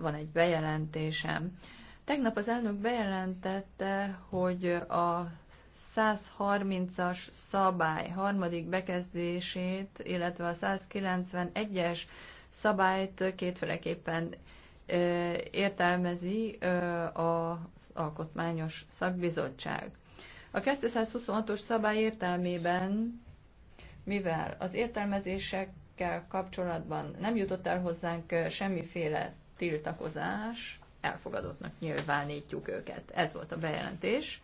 Van egy bejelentésem. Tegnap az elnök bejelentette, hogy a 130-as szabály harmadik bekezdését, illetve a 191-es szabályt kétféleképpen értelmezi az Alkotmányos Szakbizottság. A 226-os szabály értelmében, mivel az értelmezések ezekkel kapcsolatban nem jutott el hozzánk semmiféle tiltakozás, elfogadottnak nyilvánítjuk őket. Ez volt a bejelentés.